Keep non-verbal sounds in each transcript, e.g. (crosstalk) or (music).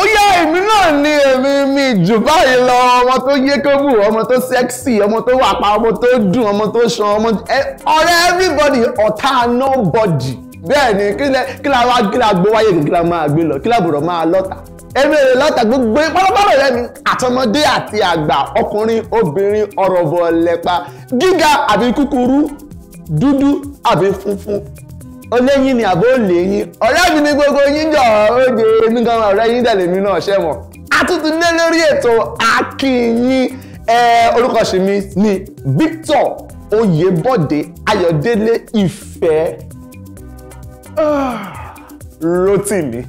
ó yá èmi náà ni èmi mi jù báyìí lọ ọmọ tó yé kóbù ọmọ tó sẹ́ksì ọmọ tó wà pa ọmọ tó dùn ọmọ tó ṣan ọmọ ọ̀rẹ́ everybody ọ̀tá nobody bẹ́ẹ̀ ni kí la wá kí la gbé wáyé kí la máa gbé lọ kí la bùrọ̀ máa lọ́ta èmi rè lọ́ta gbogbo pálápàlà rẹ mi àtọmọdé àti àgbà ọkùnrin obìnrin ọ̀rọ̀ bọ̀ lẹ́pa gíga àbí kúkúrú dúdú àbí funfun oléyìn ni àbó lèyìn ọ̀rẹ́ mi ní gbogbo yín jọ oge èmi gan ọ̀rẹ́ yín dẹ̀lẹ̀ mi náà ṣẹ́ mọ̀ àtúntún lé lórí ètò akínyìn orúkọ ṣì mi ni Victor Oyèbọ̀dé Ayọ̀délé Ìfẹ́ Rótìmí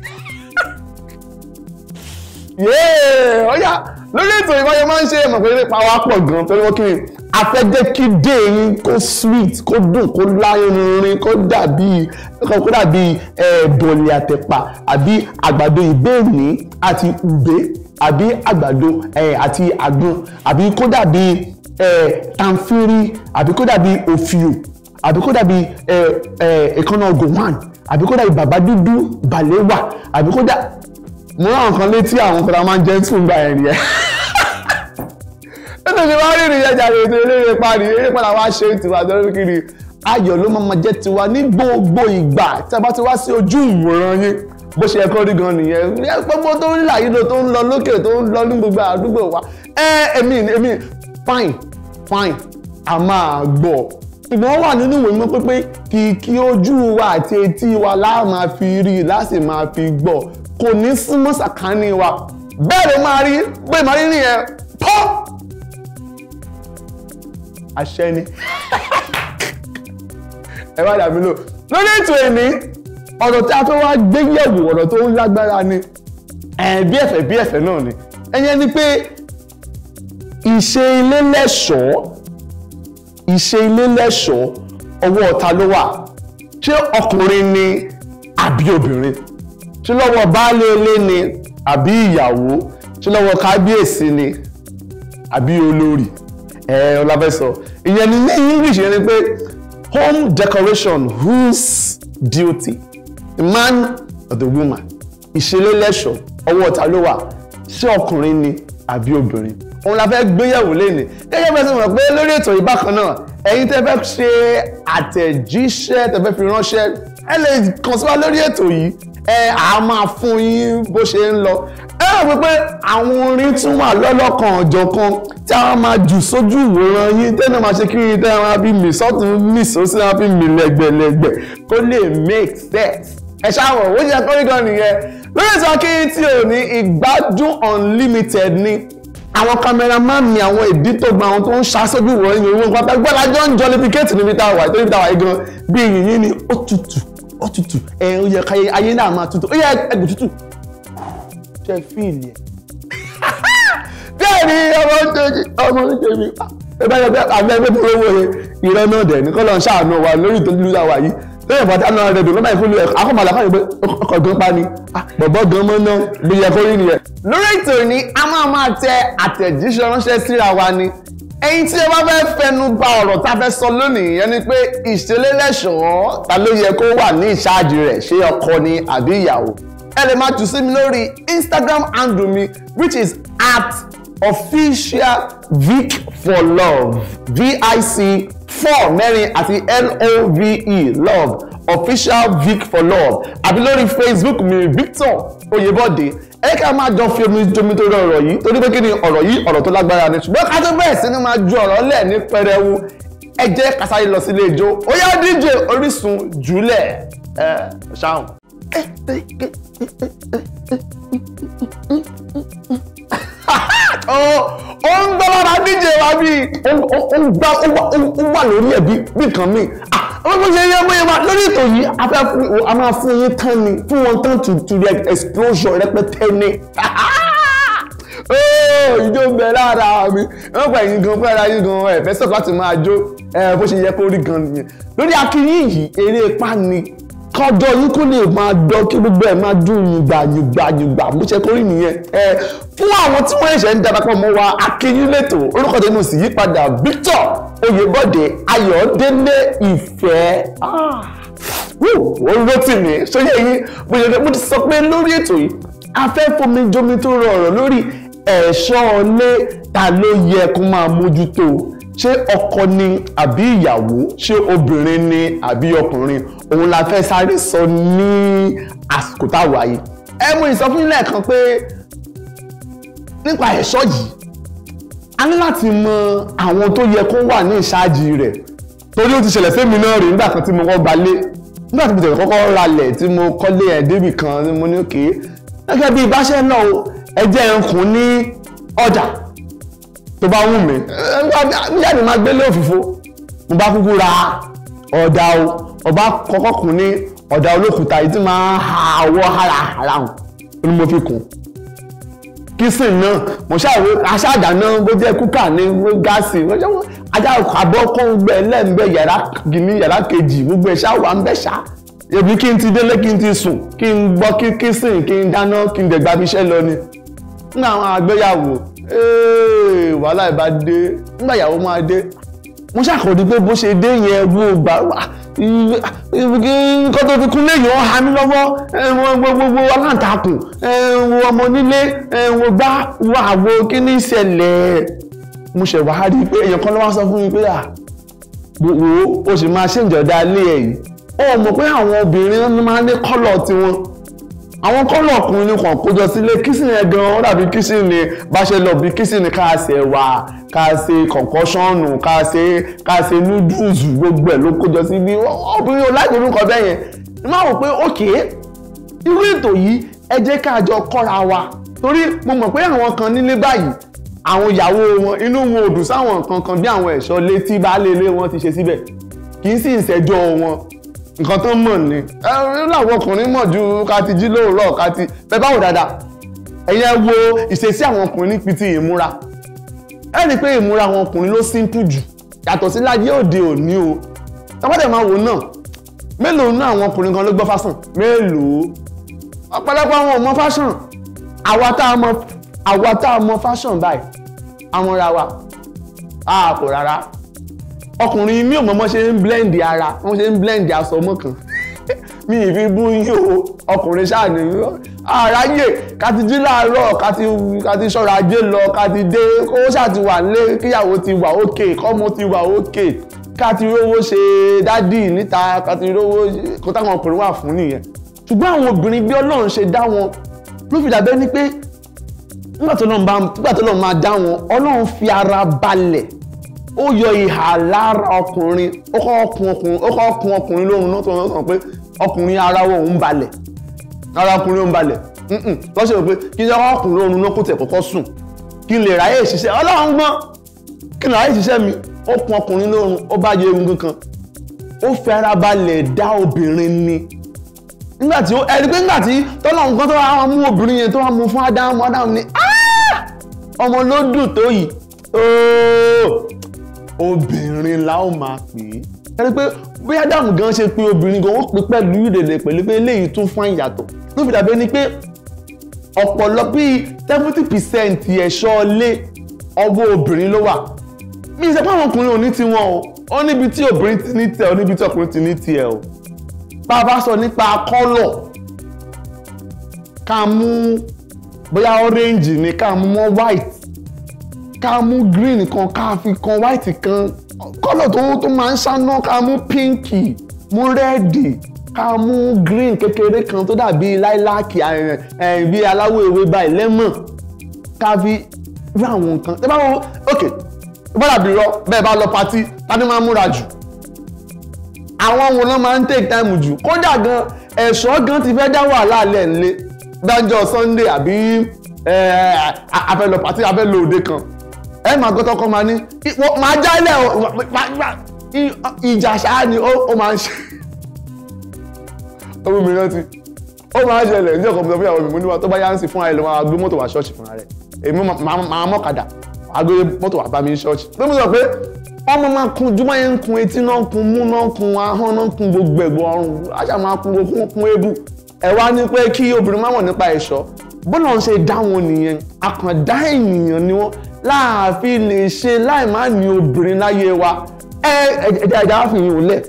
yéé ọ̀yà lórí ètò ìwáyé máa ń ṣe mọ̀ pé pàwọ́ pọ̀ gan torí wọ́n kí ni a fẹ́ jẹ́ kí dé yín kó sweet kó dùn kó láyìnrin kó dàbí kó dàbí bọ̀lì àtẹ̀pà àbí àgbàdo ìbéèní àti ùbé àbí àgbàdo àti àgbọn àbí kó dàbí tanfiri àbí kó dàbí òfìò àbí kó dàbí ìkànnà gowan àbí kó dàbí bàbá dúdú bàlẹ́wà àbí kó dà mo rán nǹkan létí àwọn kan tá a máa ń jẹ́ tún gbà ẹ̀ ètò ìṣe wá rìnrìn ẹja ètò eléré parí eré padà wá ṣe tiwa lórí kiri ayọ̀ ló máa jẹ́ tiwa ní gbogbo ìgbà tí a bá ti wá sí ojú ìwòran yín bó ṣe ẹkọ rí gan nìyẹn gbogbo tó ń là yìí lọ tó ń lọ lókè tó ń lọ ní gbogbo àdúgbò wa ẹ èmi èmi fine fine a máa gbọ́ ìgbọ́n wà nínú ìwé mímọ́ pé kìkì ojú wa àti etí wa láà máa fi rí i láti máa fi gbọ́ kò ní súnmọ́ sàkání wa bẹ́ẹ̀ ló máa rí bẹ́ẹ̀ máa rí nìyẹn pọ́ọ́ aṣẹ́ ni ẹ má dàbí lò lórí ètò ẹ̀mí ọ̀rọ̀ tí a fẹ́ wá gbé yẹ̀wò ọ̀rọ̀ tó ń lágbára ni bí ẹ̀fẹ̀ bí ẹ̀fẹ̀ náà ni ẹ̀yẹn ni pé ìṣe ilé lẹ́ṣọ̀ọ́ ìṣe ilé lẹ́ṣọ̀ọ́ ọwọ́ ọ̀tá ló wà ṣé ọkùnrin ni àbí obìnrin ṣé lọ́wọ́ baálé ilé ni àbí ìyàwó ṣé lọ́wọ́ kábíyèsí ni àbí olórí ẹ ọ sọ ìyẹn ni ní English yẹn ni pé home decoration whose duty the man or the woman ìṣelélẹ́ṣọ̀ ọwọ́ ta ló wà ṣé ọkùnrin ni àbí obìnrin òun la fẹ́ gbéyẹ̀wò lẹ́nu gẹ́gẹ́ bẹ́ẹ̀ sọ mọ̀ pé lórí ètò yìí bákan náà ẹ̀yin tẹ́ fẹ́ ṣe àtẹ̀jíṣẹ́ tẹ́ fẹ́ fi ránṣẹ́ ẹ lè kàn sí wa lórí ètò yìí ẹ á máa fún yín bó ṣe ń lọ ẹ rò pé àwọn orin tún wà lọ́lọ́kan ọ̀jọ̀kan tí a máa jù sójú ìwòran yín tẹ́lẹ̀ máa ṣe kiri tẹ́lẹ̀ máa fi mì sọ́tún mì sósì máa fi mì lẹ́gbẹ̀lẹ́gbẹ̀ kó lè make sense ẹ ṣáwọ̀ ó jẹ́ kórìkan nìyẹn lórí ìtàn kí tí ò ní ìgbádùn unlimited ni àwọn cameraman mi àwọn ìdí tó gba àwọn tó ń ṣàṣojú wọ ẹni owó nǹkan pẹ́ẹ́ gbọ́dọ̀ jọ ń jọ lẹ́píkẹ́tì níbi tá a wà nítorí tá a wà yìí gan bí yìnyín ni ó tutù ó tutù ẹ̀ ó yẹ káyé ayé náà máa tutù ó yẹ ẹgbẹ̀ tutù ṣe fíìlì ẹ̀. bẹ́ẹ̀ ni ọmọ ń tẹ́jú ọmọ ń tẹ́jú ẹ bá yẹ pé àbẹ́ ẹgbẹ́ tó lówó yẹ ìrẹ́ náà dẹ̀ ní kọ́lọ́ ṣàánú wa lórí ìtọ́jú lúdà wa yìí lórí ìfọ̀tà náà rẹ̀ dùn lọ́ba ìfúnni ẹ̀kọ́ akọ́mọ̀lá kọ́ ìgbé ọkọ̀ gan pa ni ah, bọ̀bọ̀ gan mọ́ náà bí yẹ kó rí nìyẹn. lórí ètò ìní a máa máa tẹ àtẹ̀jíṣẹ́ ránṣẹ́ síra wa ni ẹ̀yin tí ẹ bá fẹ́ fẹnu ba ọ̀rọ̀ tá a fẹ́ sọ lónìí yẹn ni pé ìṣẹ̀lẹ̀ lẹ́ṣọ̀ọ́ ta ló yẹ kó wà ní ìṣáájú rẹ̀ ṣé ọkọ ni àbí ìyàwó ẹ lè máa jù sí mi lórí Instagram handle mi which is at official vic for love vic four mẹ́rin àti love love official vic for love àbí lórí facebook mi victor oyèbọ̀dé ẹ ká máa jọ fi omi jomi torí ọ̀rọ̀ yìí torí pé kí ni ọ̀rọ̀ yìí ọ̀rọ̀ tó lágbára ni ṣùgbọ́n ká tó bẹ̀rẹ̀ sí ni máa ju ọ̀rọ̀ lẹ̀ ní pẹrẹwu ẹ jẹ́ ká sáré lọ sílé ijó ó yá DJ Orísun jùlẹ̀ ẹ ṣáà. (laughs) Oh, ó ń gbọ́ lára díje wa bíi ó ń gbá ó wà lórí ẹ̀ bí kan míì wọ́n ah, ṣe yẹ bóyá máa lórí ètò yìí a fẹ́ fún a máa fún yín tán ni fún wọn tán to to the explosion rẹpẹtẹ ni ìjó (laughs) ń oh, bẹ lára mi wọ́n pa ẹ̀yin gan fún ara yín gan ẹ̀fẹ́ sọ̀kọ́ láti máa jó bó ṣe yẹ kó rí gan nìyẹn lórí Akiiyin yìí eré pa ni kọjọ yín kó lè máa dán kí gbogbo ẹ máa dùn yìngbà yìngbà yìngbà bó ṣe kórè nìyẹn ẹ fún àwọn tí wọ́n ṣẹ̀ṣẹ̀ ń darapọ̀ mọ́ wa akínyín lẹ́tọ̀ orúkọ tẹnu sì yípadà Victor Oyèbọ̀dé Ayọ̀délé Ìfẹ́ ah, ó rántí mi sóyè yín mo ṣe mo ti sọ pé lórí ètò yìí afẹ́ fomi jomi tó rọrùn lórí ẹ̀ṣọ́ ọlé ta ló yẹ kó máa mójútó o ṣé ọkọ ni àbí ìyàwó ṣé obìnrin ni àbí ọkùnrin òun la fẹ́ sáré sọ ní àsìkò táwa yìí ẹ mú ìsọfún ilé kan pé nípa ẹ̀ṣọ́ yìí a ní láti mọ àwọn tó yẹ kó wà ní ìṣáájì rẹ̀ torí ó ti ṣẹlẹ̀ fẹ́mi náà rí nígbà kan tí mo kọ́ balé nígbà tí mo tẹ̀lé kọ́kọ́ ralẹ̀ tí mo kọ́lé ẹ̀ débì kan mo ní òkè gẹ́gẹ́ bí ìbáṣẹ́ náà ẹ jẹ́ ẹ̀kún ní ọjà tó bá wù mí jáde máa gbélé òfìfo mo bá kúkú ra ọ̀dà o ọba kọ́kọ́ kùn ní ọ̀dà olókùúta yìí tí máa ha ọwọ́ hàràhàrà hàn ni mo fi kùn kìsìn náà mo ṣàwé aṣáàdáná bó jẹ́ kúkà ní gáàsì wọ́n jẹ́ wọ́n ajá àbọ̀ kó ń gbẹ lẹ́ẹ̀mbẹ́ yàrá gìní yàrá kejì gbogbo ẹ̀ṣá wà ń bẹ̀ṣá èmi kí n ti délé kí n ti sùn kí n gbọ́ kí kìsìn kí n dáná kí n dẹ̀gbà lọ ni nínú àwọn àgbéyàwó wàhálà ìbá dé nígbà ìyàwó máa dé mo ṣàkóso pé bó ṣe dé yẹn bó gbà wá nǹkan tó fi kún léyìn ọ̀hún hami lọ́wọ́ gbogbo aláǹtakùn ọmọ onílé gbá wà wo kí ní ìṣẹ̀lẹ̀ mo ṣe wá rí i pé èèyàn kan ló wá sọ fún mi pé à gbogbo o sì máa ṣèjọba ilé ẹ̀ yìí ó mọ̀ pé àwọn obìnrin máa ní kọ́lọ̀ tiwọn àwọn kọ́nà ọkùnrin kan kójọ sílé kìsìn yẹn gan ó dàbí kìsìn ni bá ṣe lọ bí kìsìn ni ká ṣe wà ká ṣe kọ̀ǹkọ́ṣọ́ọ̀nù ká ṣe ká ṣe noodles gbogbo ẹ̀ ló kójọ sí bí obìnrin ò láti orúkọ bẹ́ẹ̀ yẹn ni máa wò pé òkè irú ètò yìí ẹ jẹ́ ká jọ kọ́ra wa torí mo mọ̀ pé àwọn kan nílé báyìí àwọn ìyàwó wọn inú wọn ò dùn sáwọn nǹkan kan bí àwọn ẹ̀ṣọ́ létí baálé ilé wọn ti ṣe síbẹ̀ kì í sì ń wọn nǹkan tó mọ̀ ni láwọn ọkùnrin mọ̀ ju ká ti jí lóòrọ̀ ká ti bẹ́ẹ̀ báwo dáadáa ẹ̀yẹ wo ìṣesí àwọn ọkùnrin ní piti ìmúra ẹ rí i pé ìmúra àwọn ọkùnrin ló simple jù yàtọ̀ sí láyé òde òní o tọ́pọ́dẹ̀ máa wò náà mélòó náà àwọn ọkùnrin kan ló gbọ́ fásán mélòó ọ̀pọ̀lọpọ̀ àwọn ò mọ fashion àwa tá a mọ àwa fashion báyìí àwọn ra wa a kò rárá ọkùnrin mi ò mọ̀ mọ́ ṣe ń blend ara wọ́n ṣe ń blend aṣọ mọ́ kan mi ì fi bú yín o ọkùnrin ṣáà ní àráyè ká ti jí láàárọ̀ ká ti ṣọ́ra ajé lọ ká ti dé kó ṣáà ti wà nílé kíyàwó ti wà òkè kọ́mọ ti wà òkè ká ti rówó ṣe dádì níta ká ti rówó kó táwọn ọkùnrin wà fún nìyẹn ṣùgbọ́n àwọn obìnrin bí ọlọ́run ṣe dá wọn ló fi dàbẹ́ ni pé nígbà tó lọ́n máa dá wọn ọlọ́run fi ara balẹ̀ ó yọ ìhà lára ọkùnrin ó kọ́ kun ọkùnrin ó kọ́ kun ọkùnrin lórun náà tó ń sọ pé ọkùnrin ara òun balẹ̀ ara ọkùnrin òun balẹ̀ lọ́sẹ̀ rò pé kí n sọ́kọ́ ọkùnrin òun náà kó tẹ̀ kọ́kọ́ sùn kí n lè ráyè ṣiṣẹ́ ọlọ́run gbọ́n kí n ráyè ṣiṣẹ́ mi ó kun ọkùnrin lórun ó bá yẹ egungun kan ó fẹ́ra balẹ̀ dá obìnrin ni nígbà tí ó ẹni pé nígbà tí tọ́lọ́run kan tó wá mú obìnrin yẹn tó wá mú fún Ádámù Ádámù ni ọmọ ló dùn tó yìí ooo obìnrin la ó máa pè é ẹni pé bí ádámù gan ṣe pé obìnrin gan ó pè pẹ̀lú ìrèlè pẹ̀lú pé eléyìí tún fún àyàtọ̀ ló fi dàbí ẹni pé ọ̀pọ̀lọ bíi seventy percent ẹ̀ṣọ́ ilé ọwọ́ obìnrin ló wà mi ṣe pé àwọn ọkùnrin ò ní tiwọn o ó níbi tí obìnrin ti ní tiẹ̀ ó níbi tí ọkùnrin ti ní tiẹ̀ o bá a bá sọ nípa kọ́lọ̀ ká mú bóyá orange ni ká mú mọ́ white ká green kan ká fi kan white kan kọ́lọ̀ tó tó máa ń ṣáná ká mú pínkì mú rẹ́ẹ̀dì ká mú green kékeré kan tó dàbí láìláàkì bí aláwọ̀ ewé báyìí lẹ́mọ̀n ká fi rí àwọn nǹkan ẹ bá wọn ok bọ́dà bí rọ bẹ́ẹ̀ bá lọ patí tani máa múra jù àwọn wo náà máa ń take time jù kódà gan ẹ̀ṣọ́ gan ti fẹ́ dá wàhálà lẹ̀ ńlẹ̀ dájọ́ Sunday àbí a patí lo òde kan ẹ máa gbọ́tọ́ kọ́ máa ní máa jálẹ̀ ìjà ṣáá ni ó máa ń ṣe (laughs) ọmọ mi rántí ó máa ń ṣẹlẹ̀ ní ọkọ̀ mi sọ fún ìyàwó mi mo ní wa tó bá yá ń sìn fún ara ẹ lọ máa gbé mọ́tò wá ṣọ́ọ̀ṣì fúnra rẹ̀ èmi máa mọ́kadà agbé mọ́tò wá bá mi ṣọ́ọ̀ṣì pé mo sọ pé ọmọ máa kun jùmọ̀ yẹn ń kun etí náà ń kun mú náà ń kun ahọ́n náà ń kun gbogbo ẹ̀gbọ́n ọrùn aṣá máa kun okun kun ebu ẹ wá ní pé kí obìnrin má mọ̀ nípa ẹ̀ṣọ́ bọ́lá ń ṣe dá wọn nìyẹn àkàndá ènìyàn ni wọ́n láàfin lè ṣe láì má ní obìnrin láyé wa ẹ ẹ̀jẹ̀ ẹ̀jẹ̀ àfihàn yìí ò lẹ̀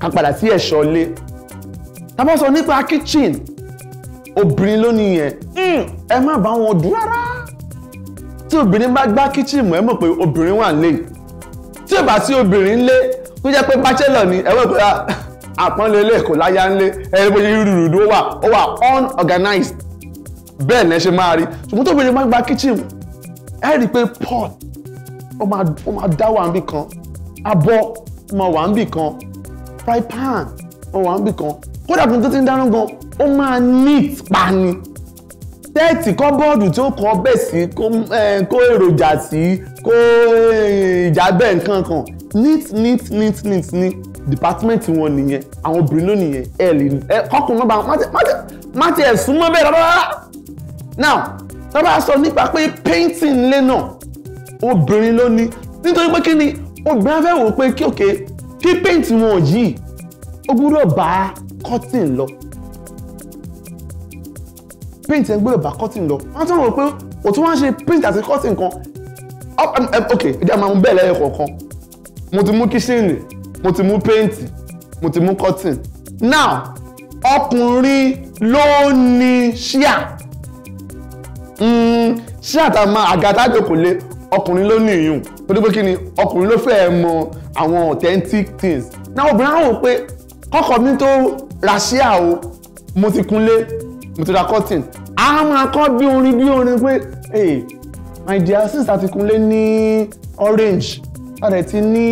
ká padà sí ẹ̀ṣọ́ lé tàbá sọ nípa kitchen obìnrin ló nìyẹn hmm, ẹ má bá wọn dùn rárá tí obìnrin bá gbá kitchen mọ́ ẹ mọ̀ pé obìnrin wà nílé tí ò bá sí obìnrin lé tó jẹ́ pé bachelor ni ẹ mọ̀ pé ah, àpọ́nlé ilé ẹ̀kọ́ láyá ńlé ẹni bóyá irúurú ó wà ó wà unorganized bẹ́ẹ̀ ni ẹ ṣe máa rí ṣùgbọ́n tóbi ni máa gba kitchen ẹ rí i pé pot. ó máa dá wà níbì kan abọ́ ó máa wà níbì kan fry pan ó wà níbì kan kódà kí n tó ti ń dáná gan ó máa neat pani tẹ́ẹ̀tì kọ́bọ́ọ̀dù tí ó kọ́ bẹ̀ sí kó èròjà sí kó ìjábẹ̀ nǹkan kan neat neat neat neat ní department wọn nìyẹn àwọn obìnrin ló nìyẹn ẹ lè ẹ kọkùnrin náà bá má tiẹ̀ súnmọ́ bẹ́ẹ̀ rárá now tá a bá sọ nípa pé painting lé náà obìnrin ló ní nítorí pé kí ni obìnrin afẹ́ wò pé kí òkè kí paint wọn ò yìí ó gbúdọ̀ bá cutting lọ paint yẹn gbúdọ̀ bá cotton lọ wọ́n tún rò pé òtún wọ́n ṣe paint àti cotton kan um, um, ok ìdí àmọ́ àwọn bẹ́ẹ̀ lẹ́yìn kọ̀ọ̀kan mo ti mú kíṣìnì mo ti mú paint mo ti mú cotton now ọkùnrin ló ní ṣíà Mm, ṣé àtàmà àgàtà jòkòlé ọkùnrin ló ní ìyún tó dé pé kí ni ọkùnrin ló fẹ́ẹ́ mọ àwọn authentic things náà obìnrin á wò pé kọ́kọ́ mi tó ra ṣíà o mo ti kunlé mo ti ra cotton a máa kọ́ bí orin bí orin pé hey my dear sister ti kunlé ní orange láti ti ní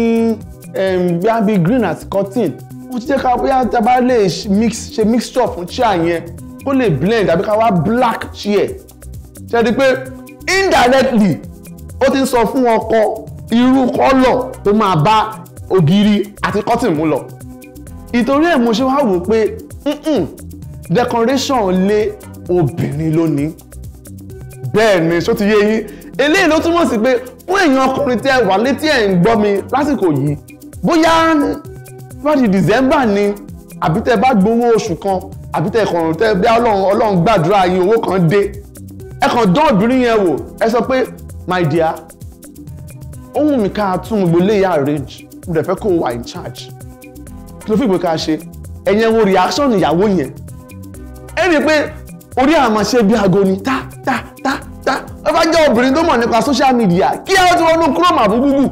gbábi green àti cotton mo ti jẹ́ ká bóyá tá a bá lè mix ṣe mixture fún chair yẹn kó lè blend àbí ká wá black chair ṣe rí pé indirectly ó ti ń sọ fún ọkọ irú kọ́lọ̀ tó máa bá ògiri àti kọ́tìn mú lọ ìtorí ẹ̀ mo ṣe wá wò pé decoration lé obìnrin lónìí bẹ́ẹ̀ ni ṣó ti yé yín eléyìí ló túmọ̀ sí pé fún èèyàn ọkùnrin tẹ wà létí ẹ̀ ń gbọ́ mi lásìkò yìí bóyá fúláṣí december ni àbí tẹ bá gbowó oṣù kan àbí tẹ kàn tẹ bí ọlọ́run ọlọ́run gbàdúrà yín owó kan dé ẹ kàn dán obìnrin yẹn wò ẹ sọ pé my dear ohun mi ká tún gbogbo léyà arrange mo dẹ̀ fẹ́ kó o wà in charge kí ló fi ìgbé ká ṣe ẹ̀yẹn wo reaction ìyàwó yẹn ẹ rí i pé orí àmọ́ ṣe bí aago ni tá tá tá tá ẹ bá jẹ́ obìnrin tó mọ̀ nípa social media kí ẹ ti wọnú chrome àbú google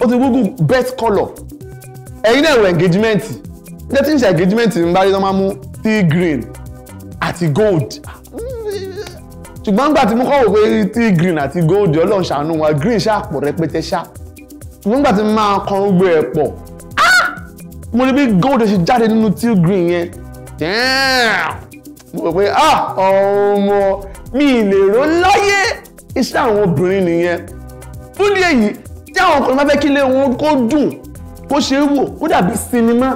ó ti google best colour ẹ̀yin náà wọ engagement ẹ ti ń ṣe engagement ń bá rí tó máa mú tea green àti gold ṣùgbọ́n nígbà tí mo kọ́ wò pé tí green àti gold ọlọ́run ṣàánú wa green ṣàpọ̀ rẹpẹtẹ ṣá ṣùgbọ́n nígbà tí mo máa kọ gbogbo ẹ̀ pọ̀ ah! mo rí bí gold ṣe jáde nínú tí green yẹn mo rò pé ah! ọmọ mi ìlérò láyé iṣẹ́ àwọn obìnrin nìyẹn fún ní èyí tí àwọn ọkùnrin bá fẹ́ kí ilé wọn kó dùn kó ṣe é wò kó dàbí sinimá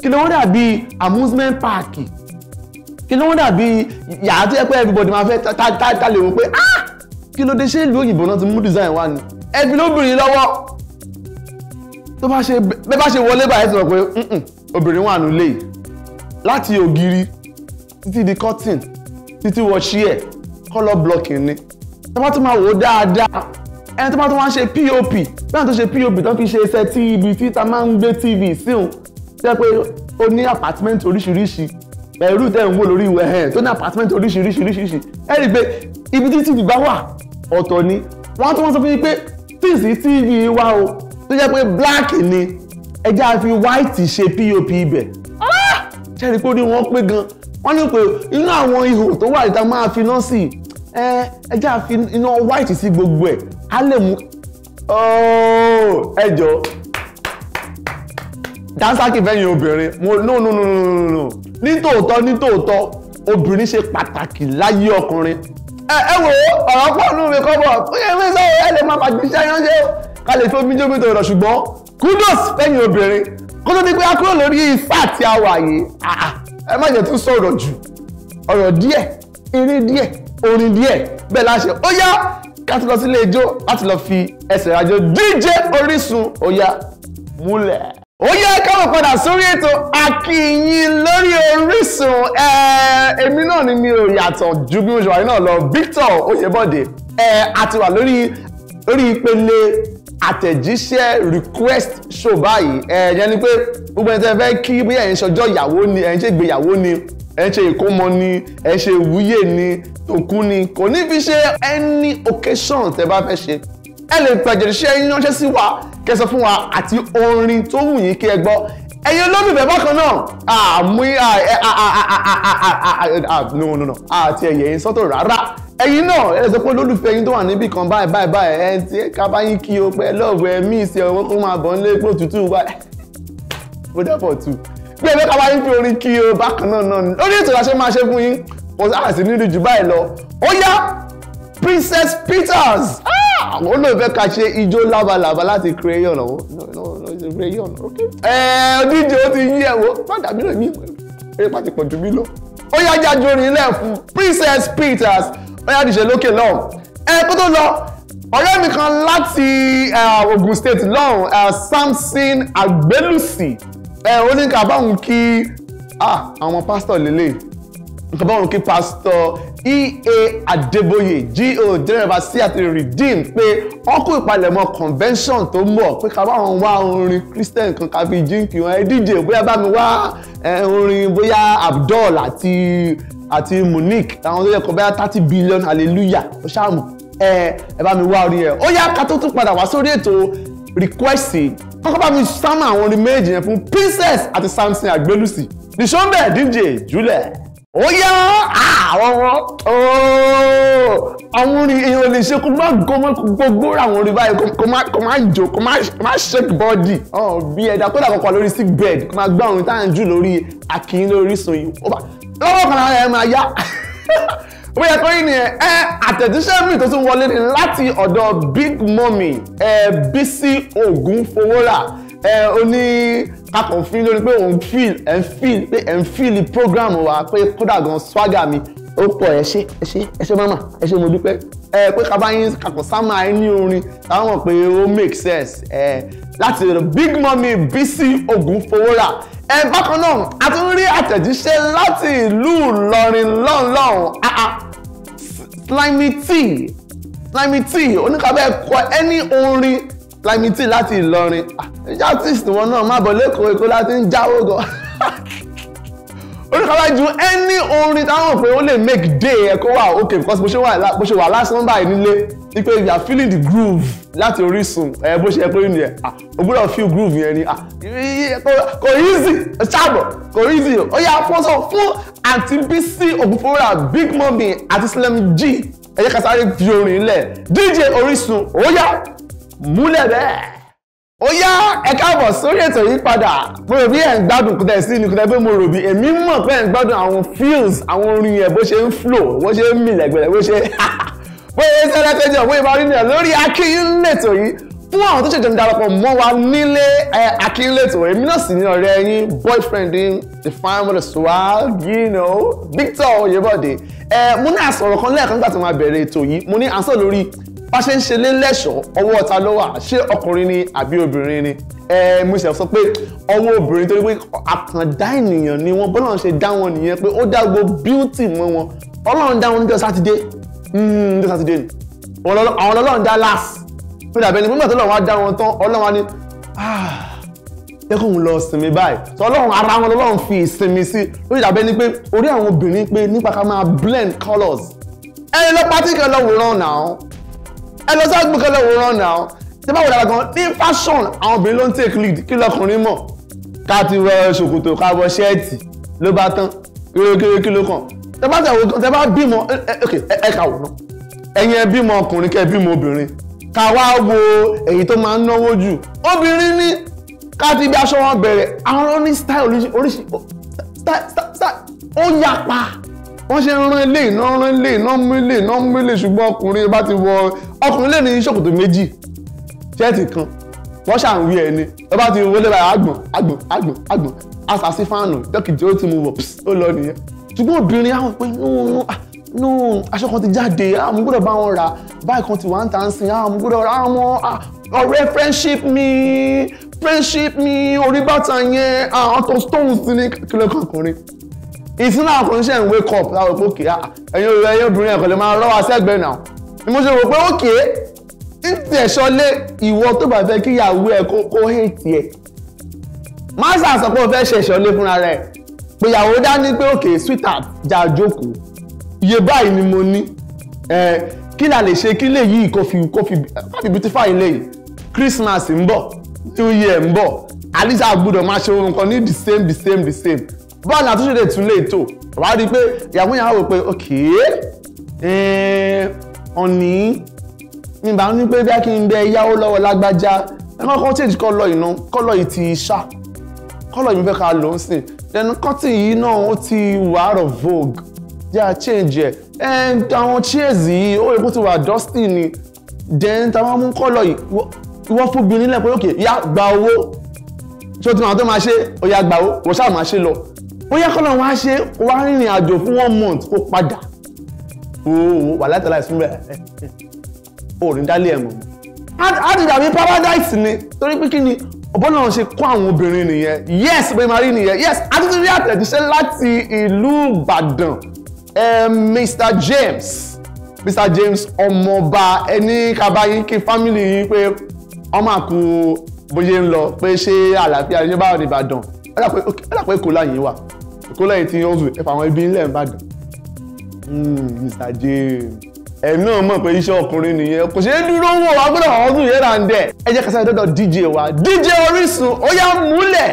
kí ló wọ́n dàbí amusement park kí ló wọ́n dàbí yàrá tó yẹ pé everybody máa fẹ́ tá lè wọ́n pé ah kí ló dé ṣé ìlú òyìnbó náà ti mú design wá ni ẹbí lóbìnrin lọ́wọ́ tó bá ṣe bẹ́ẹ̀ bá ṣe wọlé báyìí ti rọ̀ pé obìnrin wà nílé láti ògiri títí di curtain títí wọ ṣíẹ̀ color blocking ni tó bá tún máa wò ó dáadáa ẹni tó bá tún wá ṣe pop bẹ́ẹ̀ tó ṣe pop tó fi ṣe ẹsẹ̀ tí ibi tí máa ń gbé tv síhùn jẹ́ pé ó ní apartment oríṣiríṣi ẹ̀rú tẹ̀ ń wò lórí ìwẹ̀ ẹ̀ tó ní apartment oríṣiríṣi oríṣiríṣi ẹ̀ rí i pé ibi tí tv bá wà ọ̀tọ̀ ni wọ́n tún wọ́n sọ fún yín pé tíìsì tv wa o tó jẹ́ pé black ni ẹja fi white ṣe pop ibẹ̀ ah! ṣe rí i pé ó ní wọ́n pé gan wọ́n ní pé inú àwọn ihò tó wà níta máa fi iná sí ẹja fi iná white sí gbogbo ẹ̀ á lè mú oh, ẹ jọ dansaki fẹ́yìn obìnrin mo no no no no no. no nítòótọ́ nítòótọ́ obìnrin ṣe pàtàkì láyé ọkùnrin ẹ ẹ wò ó ọ̀rọ̀ pọ̀ nù mí kọ́ bọ̀ ó yẹ fẹ́ sọ̀rọ̀ ẹ lè máa fàgbé iṣẹ́ yánṣẹ́ ká lè fi omi jómi tó rọ̀ ṣùgbọ́n kudos fẹ́yìn obìnrin kó tó di pé a kúrò lórí ifá àti awàyè ẹ má jẹ́ tún sọ̀rọ̀ jù ọ̀rọ̀ díẹ̀ eré díẹ̀ orin díẹ̀ bẹ́ẹ̀ láṣẹ ó yá ká tún lọ sílé ijó láti lọ fi ẹsẹ̀ rájò DJ Orísun ó yá múlẹ̀ ó yẹ káwọn padà sórí ètò akínyìn lórí Orísun ẹ náà ni mi ò yàtọ̀ ju bí mo ṣe wà nínú lọ Victor Oyèbọ̀dé ẹ àti wà lórí lórí ìpele àtẹ̀jíṣẹ́ request show báyìí ẹ yẹn ni pé gbogbo ẹni tẹ́ fẹ́ kí bóyá ẹ̀ ń ṣọjọ́ ìyàwó ni ẹ̀ ń ṣe ìgbéyàwó ni ẹ ṣe ìkómọ ni ẹ ṣe ìwúyè ni tòkú ni kò ní fi ṣe any occasion tẹ́ bá fẹ́ ṣe ẹ lè tàjẹ̀ṣẹ́ yín ránṣẹ́ sí wa kẹ́ sọ fún wa àti orin tó wù yín kí ẹ gbọ́ ẹ̀yin olólùfẹ́ bákan náà àmú no no no àti ẹ̀yẹ̀ yín sọ́tọ̀ rárá ẹ̀yin náà ẹ lè sọ pé olólùfẹ́ yín tó wà níbì kan báyìí báyìí báyìí ẹ ti ká báyìí kí o pé lọ́ọ̀bù ẹ̀mí ìsẹ̀ owó kó máa bọ̀ nílé pé òtútù wà ó dẹ́pọ̀ tù bí ẹ̀mí ká báyìí fi orin kí o bákan náà náà lórí ètò ìlàṣẹ máa ṣe fún yín kò sáà sí nílùú jù báyìí lọ ó yá Princess Peters ó lóun fẹ́ ka ṣe ijó lábalábá láti crayon ọ̀hún no no no it's a crayon ok. ẹ oníjẹ ó ti yí ẹ wo padà mí lè mí eré pàtí pọ̀ jù mí lọ. ó yá jájú orin ilé fún Princess Peters ó yá dìṣe lókè lọ́hùn. ẹ kó tó lọ ọ̀rẹ́ mi kan láti Ogun State lọ́hùn Samson Agbelusi ẹ ó ní ká báwọn kí ah, àwọn pásítọ̀ lélẹ̀ ká báwọn kí pásítọ̀ ea adeboye go general theatre redeemed pé ọkọ ìpalẹ̀mọ́ convention tó ń bọ̀ pé ká bá wọn wá orin christian kan ká fi jíǹkì wọn ẹ díje bóyá bá mi wá orin bóyá abdul àti àti monique táwọn tó yẹ kọ bóyá thirty billion hallelujah ó ṣàmù ẹ ẹ bá mi wá orin ẹ ó yá ká tó tún padà wá sórí ètò request kọ́kọ́ bá mi sámà àwọn orin méjì yẹn fún princess àti samson àgbélùsì nìṣó ń bẹ̀ DJ, jùlẹ̀ ó yá àwọn wọn àwọn orin èèyàn lè ṣe kó má gbogbo àwọn orin báyìí kó má jó kó má shake body bí ẹ̀dá kódà kọ́kọ́ lórí sick bed kó má gbọ́ àwọn táwọn jù lórí Àkìíyín lórí Orísun yìí lọ́wọ́ kan lára ẹ̀ máa yá ó yẹ kó yín ni ẹ àtẹ̀jíṣẹ́ mi tó tún wọlé ni láti ọ̀dọ̀ big mummy ẹ Bísí Ògúnfowórà ẹ oní kakọ̀ fún yín lórí pé òun feel ẹ̀ ń feel pé ẹ̀ ń feel the program wa pé kódà gan swagger mi ó pọ̀ ẹ ṣé ẹ ṣé ẹ ṣé mama ẹ ṣé mo dúpẹ́ ẹ pé kaba yín kakọ̀ sáma ẹ ní orin táwọn mọ̀ pé ó make sense ẹ láti big mummy Bísí Ògúnfowórà ẹ bákan náà a tún rí àtẹ̀jíṣẹ́ láti ìlú Ìlọrin lọ́nlọ́run ah, ah. Slimy T Slimy T oníkàbẹ́ kọ ẹni orin Climate láti Ìlọrin ah, artist wọn náà má bọ̀ lẹ́kọ̀ọ́ Èkó láti ń jáwó gan (laughs) oníkàwá ju ẹni orin táwọn pé ó lè make day ẹ kó wà ok because bó ṣe wà bó ṣe wà last number yìí nílé ni pé you are feeling the groove láti Orísun ẹ bó ṣe ẹ pé nìyẹn ah o gbọ́dọ̀ feel groove yẹn ni ah kò easy ṣáàbọ̀ kò easy o yà fọ́sọ̀ fún àti Bísí Ògúnfowórà Big Mummy àti Slim G ẹ jẹ́ ká sáré fi orin lẹ̀ DJ Orísun ó yá múlẹ̀ bẹ́ẹ̀. ó yá ẹ káàbọ̀ sórí ètò yìí padà mo rò bí ẹ̀ ń gbádùn kúta sí ni kúta pé mo rò bí èmi mọ̀ pé ẹ̀ ń gbádùn àwọn feels àwọn orin yẹn bó ṣe ń flow bó ṣe ń mì lẹ́gbẹ̀lẹ́ bó ṣe (laughs) bó ṣe ń sẹ́lẹ̀ kejì ọ̀bó ìbá rí nìyẹn lórí akínyìnlẹ̀tọ̀ yìí fún àwọn tó ṣẹ̀ṣẹ̀ ń darapọ̀ mọ́ wa nílé akínyìnlẹ̀tọ̀ èmi náà sì ní ọ̀rẹ́ yín boyfriend yín the family swag you know Victor Oyèbọ̀dé ẹ mo ní àsọ̀rọ̀ kan lẹ́ẹ̀kan nígbà tí mo máa bẹ̀rẹ̀ ètò yìí mo ní àsọ̀ lórí bá ṣe ń ṣe lé lẹ́ṣọ̀ọ́ ọwọ́ ọ̀tá ló wà ṣé ọkùnrin ni àbí obìnrin ni ẹ mo ṣe sọ pé ọwọ́ obìnrin torí pé àkàndá ènìyàn ni wọn bọ́lá ṣe dá wọn nìyẹn pé ó dá gbogbo bíútì mọ́ wọn ọlọ́run dá wọn níjọ́ sátidé níjọ́ hmm, sátidé ni àwọn ọlọ́run dá láàs pé dàbẹ́ ni nígbà tó lọ́wọ́ dá wọn tán ọlọ́run á ní tẹ́kùn ah, lọ sinmi báyìí sọ ọlọ́run ara wọn lọ́run fi ìsinmi sí ó yìí dàbẹ́ ni pé orí àwọn obìnrin pé nípa ká máa blend colours ẹni lọ pátí kan lọ wòran náà ẹ lọ sáà gbọ́kẹ́ lọ́wọ́ rán náà tí báwo dàgbà gan ní fashion àwọn obìnrin ló ń take lead kí lọkùnrin mọ̀ ká ti rọ ṣòkòtò ká wọ ṣẹ́ẹ̀tì ló bá tán kérékéré kí ló kàn tẹ bá tẹ̀wé kan tẹ bá bímọ ẹ kà wò náà ẹ̀yin ẹ bímọ ọkùnrin kẹ́ ẹ bímọ obìnrin ká wá wo èyí tó máa ń náwó jù obìnrin ní ká ti bí aṣọ wọn bẹ̀rẹ̀ àwọn ní style oríṣi ó yapa wọ́n ṣe ń rán ilé iná rán ilé iná mú ilé iná mú ilé ṣùgbọ́n ọkùnrin bá ti wọ ọkùnrin lè ní ṣòkòtò méjì ṣẹ́ẹ̀tì kan wọ́n ṣà ń wí ẹni ẹ bá ti wọlé báyìí àgbọ̀n àgbọ̀n àgbọ̀n àgbọ̀n àṣàṣì fáànù dọ́kìtì ó ti mú wọ̀ ó lọ nìyẹn ṣùgbọ́n obìnrin àwọn pé nù ah, aṣọ kan ti jáde àwọn gbọ́dọ̀ bá wọn rà báyìí kan ti wà ń tà ń sìn àwọn gbọ́dọ̀ rà àwọn ọ̀rẹ́ friendship mi friendship mi orí bàtà yẹn àwọn tó stones ní kílẹ̀ kankan rin ìsúná àkànṣe ń wake up láwọn òpó kìí ẹ̀yin òwe ẹ̀yin obìnrin ẹ̀kọ́ máa rọ́wà sẹ́gbẹ̀ẹ́ náà ni mo ṣe rò pé ókè ìtẹ̀sọ́lé ìwọ tó bá fẹ́ kíyàwó ẹ̀ kó hèètì ẹ̀ má ṣàṣọ pé o fẹ́ ṣe ìṣọ́lé fúnra rẹ̀ péyàwó dání pé jókòó iye báyìí ni mo ní kí la lè ṣe kí lè yí fi kó beautify Christmas ń New Year ń the same the same the same báwo ni àtúnṣe lè tún lè tò wà á rí i pé ìyàwó yẹn á wò pé ok ọ̀nì eh, mi bá ń ní pé bí a kì í bẹ yáwó lọ́wọ́ lágbájá ẹ máa change kọ́lọ̀ ìná kọ́lọ̀ yìí ti ṣá kọ́lọ̀ yìí fẹ́ ká lò ó sìn then cotton yìí náà ó ti wà out of vogue yà á change ẹ̀ and àwọn chairs yìí ó yẹ kó ti wà dusty ni then táwọn mú kọ́lọ̀ yìí wọ́n fún bi nílẹ̀ pé ok yá gba owó ṣé o ti máa tó máa ṣe ó yá gba owó wọ́n ṣáà máa ṣe lọ ó yẹ kọ́nà wá ṣe wá rìnrìn àjò fún one month kó padà ooo wà látàlá ìsúnbẹ̀ ò ní dálé ẹ̀ mọ́ á ti dàbí paradise ni torí pé kí ni ọ̀bọ́n náà ṣe kó àwọn obìnrin nìyẹn yes bẹ́ẹ̀ máa rí nìyẹn yes a ti rí àtẹ̀jíṣẹ́ láti ìlú Ìbàdàn Mr James Mr James ọmọọba ẹni kábàáyín kí fámìlì yín pé ọmọ àkú bóyá ń lọ pé ṣé àlàáfíà ṣé báwọn Ìbàdàn ẹ dà pé kò láyìn wà kó lẹ́yìn tí ó zù ẹ fà àwọn ibi ńlẹ̀ ńbàdàn Mr hmm, James ẹ náà mọ̀ pé iṣẹ́ ọkùnrin nìyẹn kò ṣeé dúró wò wá gbọ́dọ̀ àwọn ọdún yẹn là ń dẹ̀ ẹ jẹ́ kásá ìdọ́dọ̀ DJ wa DJ Orísun ó yá múlẹ̀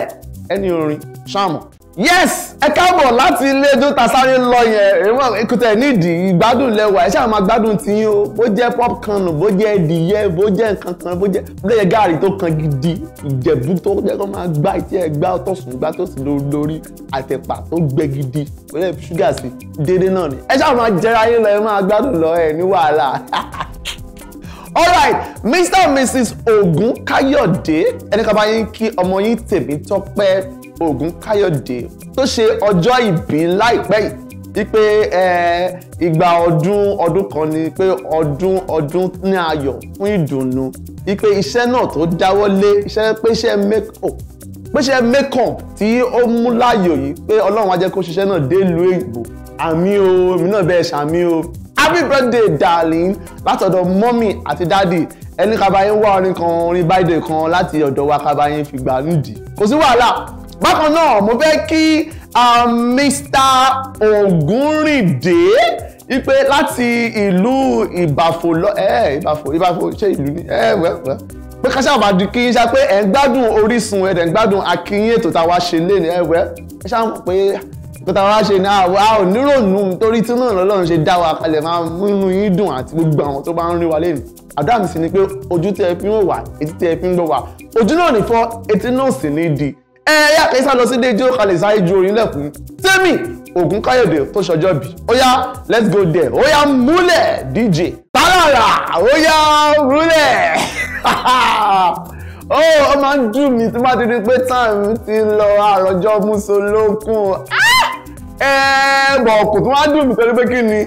ẹni orin ṣáàmù yes ẹ káàbọ̀ láti ilé ijó ta sáré lọ yẹn ìwọ̀n èkútẹ̀ nídìí ìgbádùn lẹ́wà ẹ ṣáà máa gbádùn tí yín o bó jẹ́ popcorn bó jẹ́ ẹdìyẹ bó jẹ́ nǹkan kan bó jẹ́ bó jẹ́ gaari tó kan gidi ìjẹ̀bú tó jẹ́ kó máa gbá ìtí ẹ̀ gbá ọ̀tọ̀sùn gbá tó sì lórí àtẹ̀pà tó gbẹ gidi pẹ̀lú ṣúgà sí déédéé náà ni ẹ ṣáà máa jẹra yín lọ ẹ máa gbádùn lọ ẹ ní wàhálà (laughs) alright mr and mrs ogun káyọ̀dé ẹnì kan bá yín kí ọmọ yín tèmi tọ́pẹ́ Ògúnkáyọ̀dé tó ṣe ọjọ́ ìbí láìpẹ́ yìí wípé ìgbà ọdún ọdún kan ni pé ọdún ọdún ní ayọ̀ fún ìdùnnú wípé iṣẹ́ náà tó dáwọ́lé iṣẹ́ pé iṣẹ́ mẹ́kọ̀ọ́ pèsè mẹ́kàn tí ó mú láàyò yìí pé ọlọ́run á jẹ́ kó ṣiṣẹ́ náà délùú èyìnbó àmì o èmi náà bẹ́ẹ̀ ṣàmì o happy birthday darling látọ̀dọ̀ mọ́mì àti dádì ẹni kábàáyé wá orin kan orin báyìí kan láti ọ̀dọ̀ wa kábàáyé fìgbà nídìí kò sí wàhálà bákan náà mo fẹ́ kí ah, Mr. Ògúnrìndé ipe láti ìlú Ìbàfò lọ ẹ Ìbàfò Ìbàfò ṣé ìlú ni ẹ wẹ́wẹ́ pé káṣá ọba di kí n ṣá pé ẹ̀ ń gbádùn Orísun ẹ̀ dẹ̀ ń gbádùn akínyìn ètò táwa ṣe lé ní ẹ̀wẹ́ ẹ ṣá mọ̀ pé ètò táwa ṣe ní àwa ò nírònú torí tí náà lọ́lọ́run ṣe dá wa kalẹ̀ máa múnú yín dùn àti gbogbo àwọn tó bá ń rí wa lẹ́nu àdúrà mi sì ni pé ojú tẹ fi ń wà etí tẹ fi ń gbọ́ wà ojú náà nìfọ́ etí náà sì ní di ẹ̀yà kìí sá lọ sí déjì ó kalẹ̀ sáré ju orin lẹ́kùn tẹ́mì ògún káyọ̀dé tó ṣọjọ́ bí ó let's go there ó yá múlẹ̀ dj tààrà ó yá múlẹ̀ (laughs) ó ó máa ń dùn mí tí bá ti di pé táìmù ti lọ àròjọ musolókun ah! ẹ bọ̀ kò tún dùn mí pẹ̀lú pé kí ni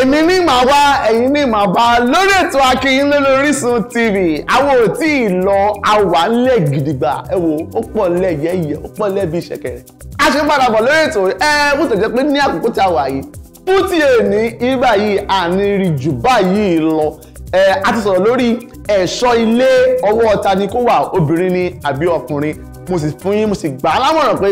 èmi ní màá wá ẹ̀yin ní màá bá lórí ètò akínyìn lórí Orísun TV àwọn ò tí ì lọ àwà ńlẹ̀ gidigba ẹ wo ó pọ̀ ńlẹ̀ yẹ́yẹ́ ó pọ̀ ńlẹ̀ bí ṣẹ̀kẹ̀rẹ̀ a ṣe ń padà bọ̀ lórí ètò ẹ bó tẹ̀jẹ́ pé ní àkókò tí a wà yìí fún ti èní ibà yìí àní rí jù báyìí lọ ẹ a ti sọ̀rọ̀ lórí ẹ̀ṣọ́ ilé ọwọ́ ta ni kó wà obìnrin ni àbí ọkùnrin mo sì fún yín mo sì gbà á lámọ̀ràn pé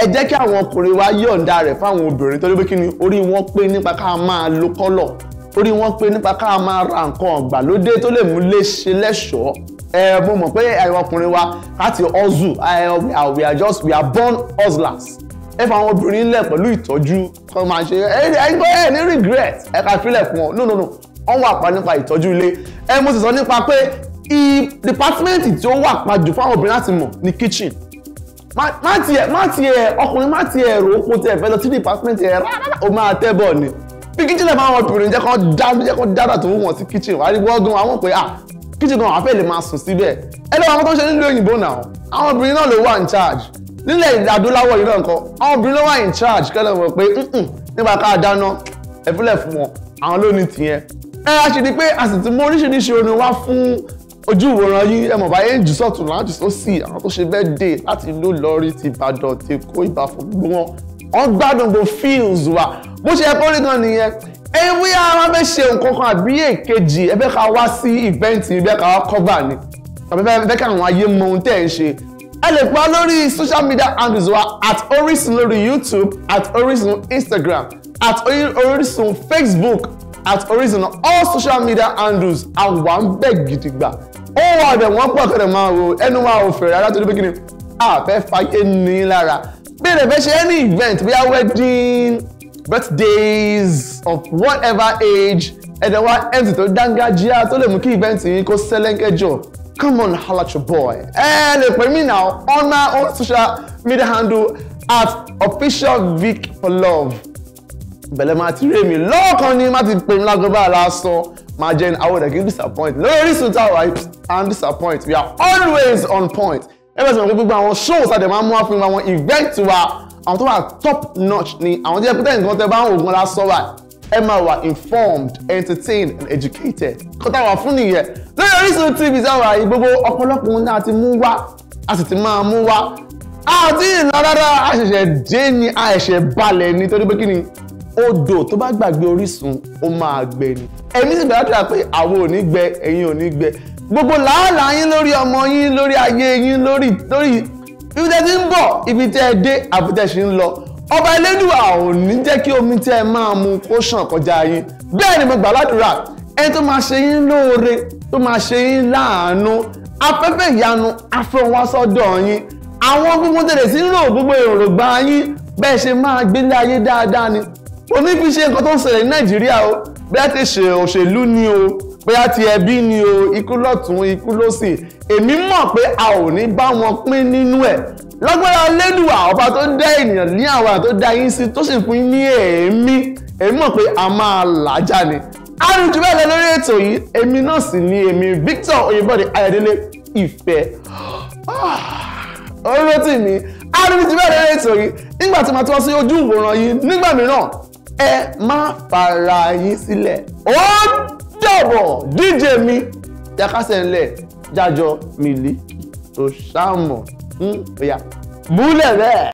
ẹ jẹ́ kí àwọn ọkùnrin wa yọ̀ǹda rẹ̀ fáwọn obìnrin torí pé kí ni orí wọn pé nípa ká máa lo kọ́lọ̀ orí wọn pé nípa ká máa ra nǹkan ọ̀gbàlódé tó lè mú léṣe lẹ́ṣọ̀ọ́ ẹ mo mọ̀ pé àwọn ọkùnrin wa láti hustle we are just we are born hustlers ẹ fa àwọn obìnrin lẹ̀ pẹ̀lú ìtọ́jú kan máa ṣe ẹ ẹ gbọ́ ẹ ní regret ẹ ká fílẹ̀ fún ọ no no no wọ́n wà pa nípa ìtọ́jú ilé ẹ mo sì sọ nípa pé dìpátímẹ́ǹtì tí ó wà pa jù fáwọn obìnrin láti mọ̀ ní kitchen má tiẹ̀ má tiẹ̀ ọkùnrin má tiẹ̀ rò ó kó tiẹ̀ fẹ́ lọ sí dìpásímẹ́ǹtì ẹ̀ rárá ó máa tẹ́ bọ̀ ni bí kíchìn náà máa wọn obìnrin jẹ́ kó dá jẹ́ kó dára tó wọ̀n sí kíchìn wàá rí wọ́gán àwọn pé à ah, kíchìn náà wàá fẹ́ lè máa sùn síbẹ̀ ẹ lọ́wọ́ àwọn tó ń ṣe nílùú òyìnbó náà àwọn obìnrin náà ló wà in charge nílẹ̀ adúláwọ̀ yìí náà nǹkan àwọn obìnrin ló wà in charge kẹ́lẹ́ wọ̀ pé nípa ká dáná ẹ̀fúnlẹ̀ fún wọn àwọn ló ní tìyẹn ẹ a ṣe ni pé a sì ti mú ojú ìwòran yìí ẹ mọ̀ bá yẹn jù sọ̀tún láti sọ́sì àwọn tó ṣe bẹ́ẹ̀ dé láti ìlú Ìlọrin ti Ìbàdàn ti Èkó ìbàfọ̀ gbogbo wọn wọn gbádùn bó feels wa bó ṣe ẹkọ́ nìkan nìyẹn ẹyin a wọn fẹ́ ṣe nǹkan kan àbí èkejì ẹ fẹ́ ká wá sí ìvẹ́ǹtì ẹ fẹ́ ká wá kọ́bà ni àbí ẹ fẹ́ ká àwọn ayé mọ ohun tẹ́ ẹ ń ṣe ẹ lè pa lórí social media handles wa at orisun lórí youtube at orisun instagram at orisun facebook at orisun all social media handles àwa ń bẹ̀ gidigba ó wà ọ̀dẹ̀ wọ́n pọ̀ kẹ̀rẹ̀ máa wo ẹnu wa ò fẹ̀rẹ̀ rárá torí pé kí ni àfẹ́ fàyè ní lára bí rẹ̀ fẹ́ ṣe any event bí a wedding birthdays of whatever age ẹ̀dẹ̀ wa empty tó dángájíá tó lè mú kí event yìí kó sẹ́lẹ̀ńkẹ́jọ come on holla at your boy ẹ lè pè mí now on my own social media handle at officialvicforlove bẹ̀lẹ̀ máa ti rí mi lọ́ọ̀kan ni má ti pè mí lágọ́ bá a lásán máa jẹ́ ní àwọn ọ̀dẹ̀ kí n disappoint lórí Orísun táwa yìí and disappoint we are always on point ẹgbẹ́ sọ̀rọ̀ pé gbogbo àwọn shows àti máa ń mú wá àwọn event wa àwọn tó wà top notch ni àwọn jẹ́ pété nǹkan tẹ́ bá ń oògùn la sọ́ra ẹ máa wà informed entertained and educated kọ́tà wà fún nìyẹn lórí Orísun TV sáwà yìí gbogbo ọ̀pọ̀lọpọ̀ ohun náà ti mú wá a sì ti máa mú wá a ò tí ì lọ rárá a ṣẹ̀ṣẹ̀ dé ni a ṣẹ̀ṣẹ̀ balẹ̀ ni torí pé kí ni odò tó bá gbàgbé Orísun ó máa gbẹ ni èmi sì gbàdúrà pé àwọn ò ní gbẹ ẹ̀yin ò ní gbẹ gbogbo làálàá yín lórí ọmọ yín lórí ayé yín lórí lórí ibi tẹ́ ti ń bọ̀ ibi tẹ́ ẹ dé àbútẹ́sí ń lọ ọba elédùà ò ní jẹ́ kí omi tẹ́ ẹ máa mu kó ṣàn kọjá yín bẹ́ẹ̀ ni mo gbà ládùúrà ẹni tó máa ṣe yín lóore tó máa ṣe yín láàánú afẹ́fẹ́ ìyanu afẹ́wọ́sọ́dọ̀ yín àwọn gbogbo tẹ̀lé sí ń rò gbogbo èròǹgbà yín bẹ́ẹ̀ ṣe máa gbélé ayé dáadáa ni onífiṣe nǹkan tó ń ṣẹlẹ̀ ní nàìjíríà o bẹ́ẹ̀ ti ṣe òṣèlú ni o bóyá ti ẹbí ni o ikú lọ́tún ikú lọ́sì èmi mọ̀ pé a ò ní bá wọn pín nínú ẹ̀ lágbára lẹ́dùwà ọba tó dá ènìyàn ní àwa tó dá yín sí tó sì fún yín ní èémí èmi mọ̀ pé a máa làájá ni àrùn bẹ́ẹ̀ lọ lórí ètò yìí èmi náà sì ni èmi Victor Oyèbọ̀dé Ayọ̀délé ìfẹ́ oró tì mí àrùn jù bẹ́ẹ̀ lórí ètò yìí nígbà tí màá tí wọ́n sí ojú ìwòran yìí nígbà mìíràn ẹ má fara yín sílẹ̀ ó dọ̀bọ̀ DJ mi jakasẹ̀ ńlẹ̀ jájọ mi lì tó ṣàmọ̀ ń hmm, bóyá búlẹ̀ bẹ́ẹ̀.